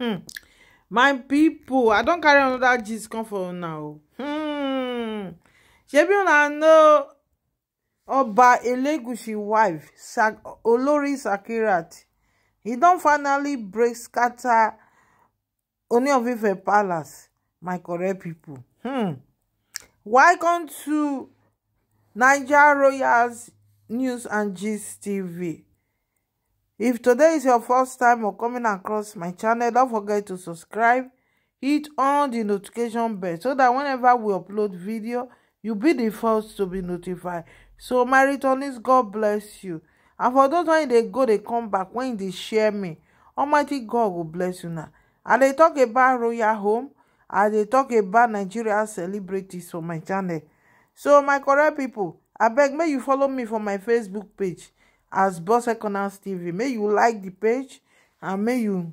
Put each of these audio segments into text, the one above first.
hmm. my people, i don't carry another gist come for now. hmm. shebi una know oba elegushi wife olori sakirat He don't finally break scatter only of ife palace my correct people. hmm. welcome to naija royals news and gist tv If today is your first time of coming across my channel, don't forget to subscribe. Hit on the notification bell so that whenever we upload video, you'll be the first to be notified. So my returnees, God bless you. And for those when they go, they come back, when they share me, Almighty God will bless you now. And they talk about royal home. And they talk about Nigeria celebrities for my channel. So my correct people, I beg may you follow me for my Facebook page as Bose Corners TV. May you like the page and may you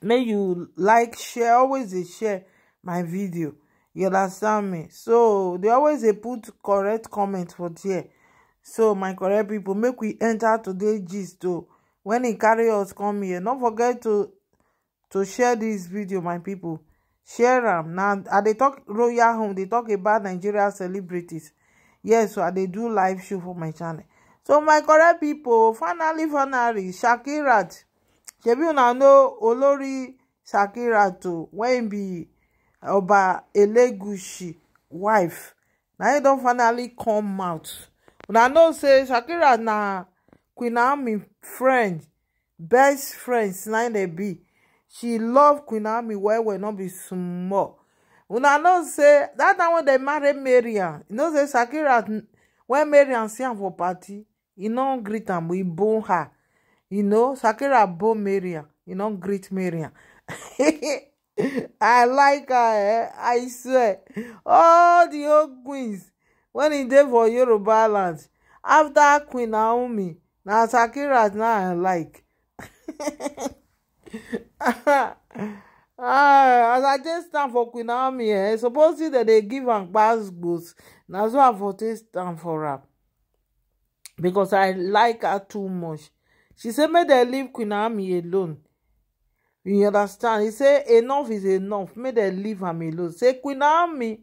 may you like, share, always dey share my video. You understand me? So they always dey put correct comment for here. So my correct people, make we enter today gist o. Oh. When e carry us come here, don't forget to to share this video my people. share them now. Are they talk royal home They talk about nigeria celebrities yes so i dey do live show for my channel so my correct pipo finally finally shakirat shebi una know olori shakirat o wey be oba elegushi wife na im don finally come out una know say shakirat na queen Naomi friend best friend na im dey be she love queen Naomi well well no be small una know say that time wey dem marry mariam you know say shakirat wen mariam see am for party He no greet am e bone her you know sakira bone Maria. He no greet Maria. i like her eh i swear all the old queens When he dey for yoruba land after queen naomi na sakira na i like Ah, as i just stand for queen naomi eh suppose say dem dey give am gbas gbos na so i for take stand for am because i like her too much she say make they leave queen naomi alone you understand He say enough is enough make they leave am alone say queen naomi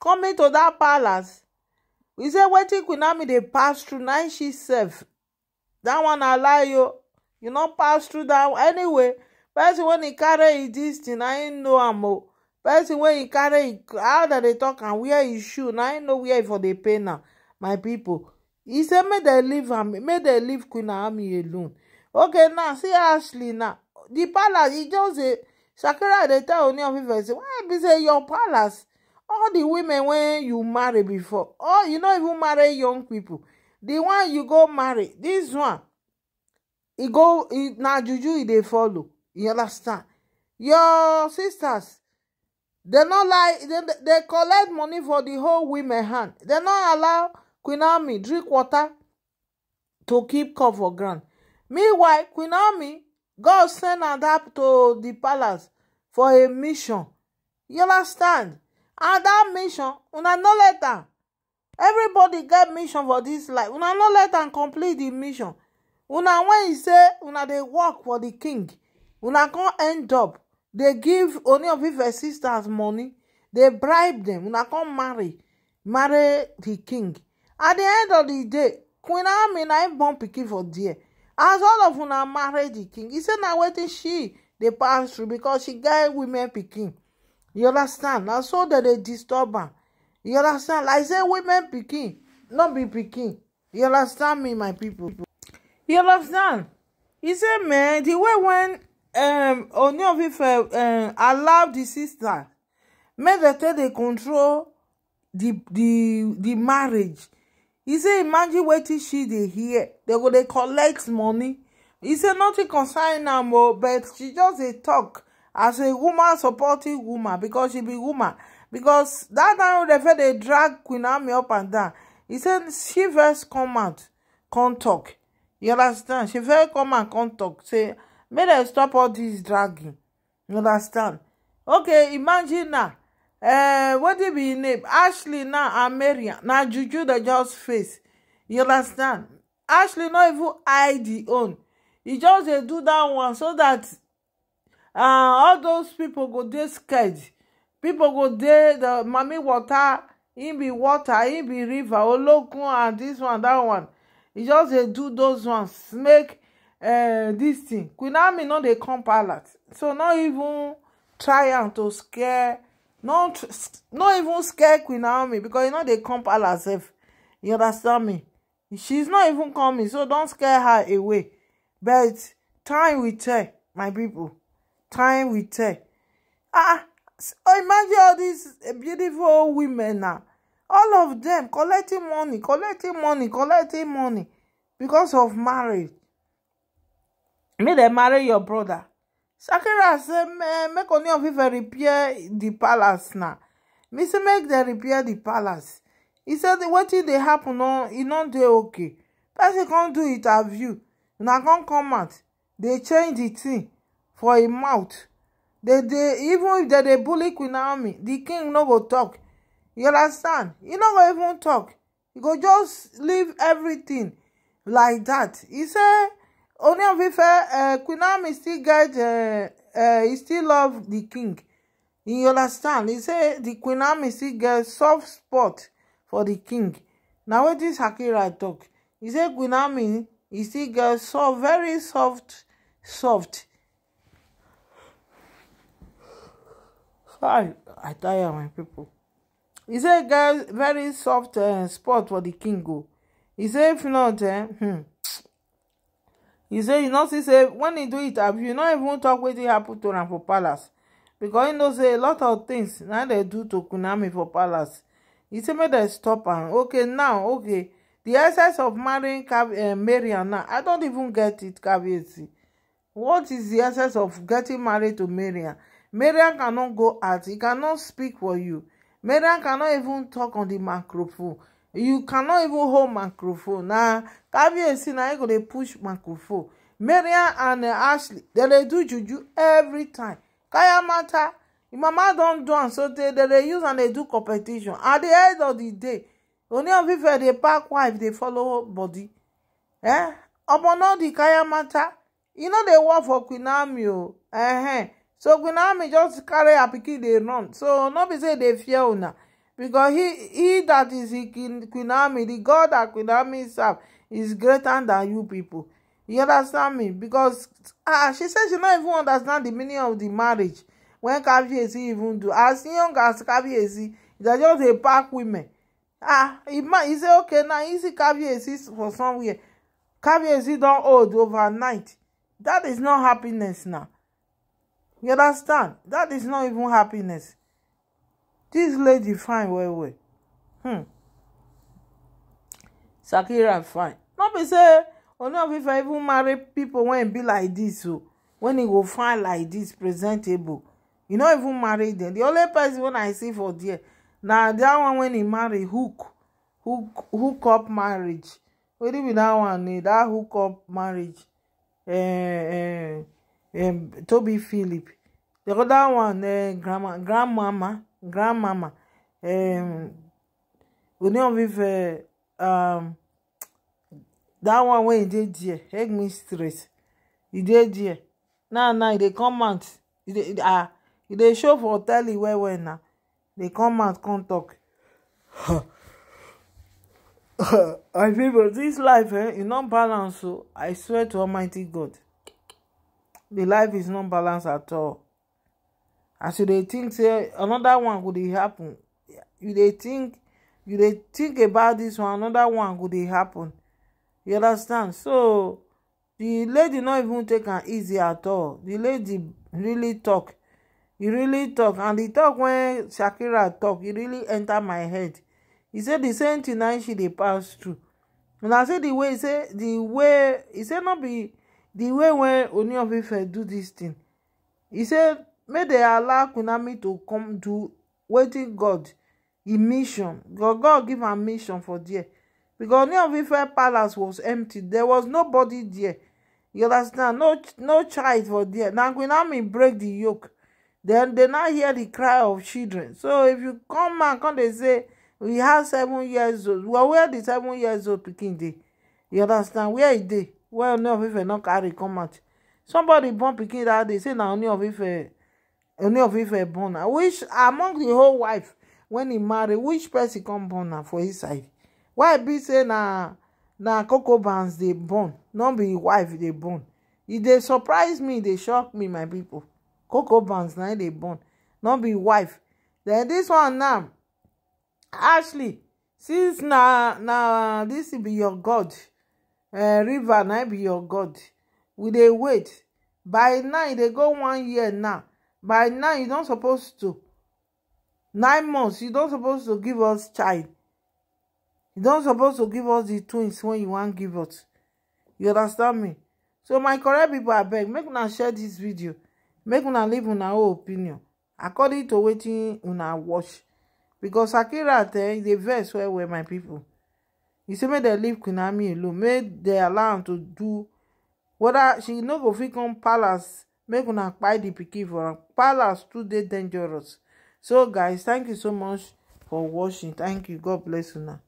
coming to that palace we say wetin queen naomi they pass through na she sef That one I lie o you not pass through that anyway person when he carry e dis thing na him know am o person when he carry how that they talk and wear e shoe I him know where e for the pain now, my people. He say make dem leave am make dem leave queen naomi alone okay now see ashley now The palace e just dey shakira dey tell oni of ife say why be say your palace all the women wey you marry before or you no even marry young people. The one you go marry this one e go na juju e dey follow you understand your sisters dem no like dem collect money for the whole women hand dem no allow queen kwinami drink water to keep cover ground meanwhile queen kinami god send na to di palace for a mission yola stand and dat mission una no let am everibodi get mission for dis life una no let am complete di mission una wen e say una dey work for di king una kon end up dey give only of ife sisters money dey bribe dem una kon marry marry di king. at the end of the day queen amina im born pikin for there as all of una marry di king He say na wetin she dey pass through because she get women pikin you understand na so dem dey disturb am you understand like say women pikin no be pikin you understand me my people? you understand He say man the way when um, Ooni of Ife um, allow the sister make dem take dey control the the the marriage He say imagine wetin she dey hear They go dey collect money He say nothing concern am o but she just dey talk as a woman supporting woman because she be woman because that time wey dem fit dey drag queen ami up and down He say she first come out come tok you understand she first come out come tok say make dem stop all this dragging you understand okay imagine na uh, what did be name ashley now Amaria. Now, na juju dey just face you understand ashley no even hide e own He just dey do that one so that uh, all those people go dey scared People go there. the mami water im be water im be river olokun and this one that one He just dey do those ones make uh, this thing queen army no dey come palace so no even try am to scare not not even scare queen naomi because you know they come palace sef you understand me she's not even coming so don't scare her away but time will tell my people. time will tell ah oh, imagine all these eh, beautiful women ah, all of them collecting money collecting money collecting money because of marriage May they marry your brother shakira say make only of ife repair the palace na me say make dem repair the palace e say wetin they happen e not dey okay he can't do interview na can't come out They change the thing for im mouth even if they dey bully queen army, the king no go talk. you understand He no go even talk. He go just leave everything like that. He say Ooni of Ife, uh, Queen Naomi still get, uh, uh, he still love the king. You understand? He say the Queen Naomi still get soft spot for the king. Na wetin Shakira talk. He say Queen Naomi, he still get soft, very soft, soft. I, I tire my people. He say get very soft uh, spot for the king Go. Oh. He say if not, uh, hmm. He say e no see say when he do it. interview you not even talk tok wetin happen to am for palace because he know say a lot of things. Now they do to kunami for palace He say make they stop him. okay now okay The essence of marrying eh, marian now i don't even get it caveat what is the essence of getting married to marian marian cannot go out He cannot speak for you marian cannot even talk on the microphone you cannot even hold microphone na kabiyesi na go dey push microphone maria and uh, ashley dem dey do juju every time kaya mata im mama don do am so tey dem dey use am dey do competition at di end of di day oni of ife dey pack wife dey follow body eh obono di kaya mata e no dey work for queen ami o eh so queen just carry her pikin dey run so no be say e dey fear una because he he that is in Queen Naomi, the God that Queen Naomi serve is greater than you people. You understand me? Because ah, she says she not even understand the meaning of the marriage when Kabiyesi even do. As young as Kabiyesi, they are just a pack women. Ah, he, he say okay now. easy see Kabiyesi for somewhere. Kabiyesi don't hold overnight. That is not happiness now. You understand? That is not even happiness dis lady fine well well hmm. sakira fine no be say Ooni oh, of Ife even marry people wey be like this, o oh, wen e go fine like this presentable e no even marry dem The only person wey i see for there na that one when he marry hook hook hook up marriage wetin be that one eh dat hook up marriage eh eh eh tobi philip the other one eh grandma grandmama grandmama um, Ooni um, that one wey e dey there egg me straight e dey there now now e dey come out e, e ah e dey show for telly e well well na dey come out come talk I people this life eh e no balance o oh. i swear to almighty god the life is not balance at all as you dey think say another one go dey happen you dey think you dey think about this one another one go dey happen you understand so the lady no even take am easy at all the lady really talk He really talk and the talk when shakira talk He really enter my head He say the same thing na she dey pass through and i say the way he say the way he say no be the way when Ooni of Ife do this thing He say May dem allow queen naomi to come do waiting god e mission god god give am mission for there because Ooni of Ife palace was empty there was nobody there you understand no no child for there Now queen naomi break the yoke dem they now hear the cry of children so if you come man come they say we have seven years old well where the seven years old picking? dey you understand where e dey well Ooni of Ife no carry come out somebody born picking that they say now Ooni of Ife Only of ife born am which among the whole wife when he marry which person come born for his side why be say na na cocoa bands they born not be wife they born e they surprise me they e shock me my people. cocoa bands now they born not be wife Then this one now ashley since na na this be your god eh, river now be your god we they wait by now they go one year now by now you don't suppose to nine months you don't suppose to give us child you don't suppose to give us the twins when you wan give us you understand me so my correct I beg, make una share this video make una leave una own opinion according to wetin una watch because akira tell e dey vex well well my people. You say make they leave queen ami alone make they allow am to do whether she no go fit come palace make una kpai di pikin for am palace too dey dangerous so guys thank you so much for watching thank you god bless una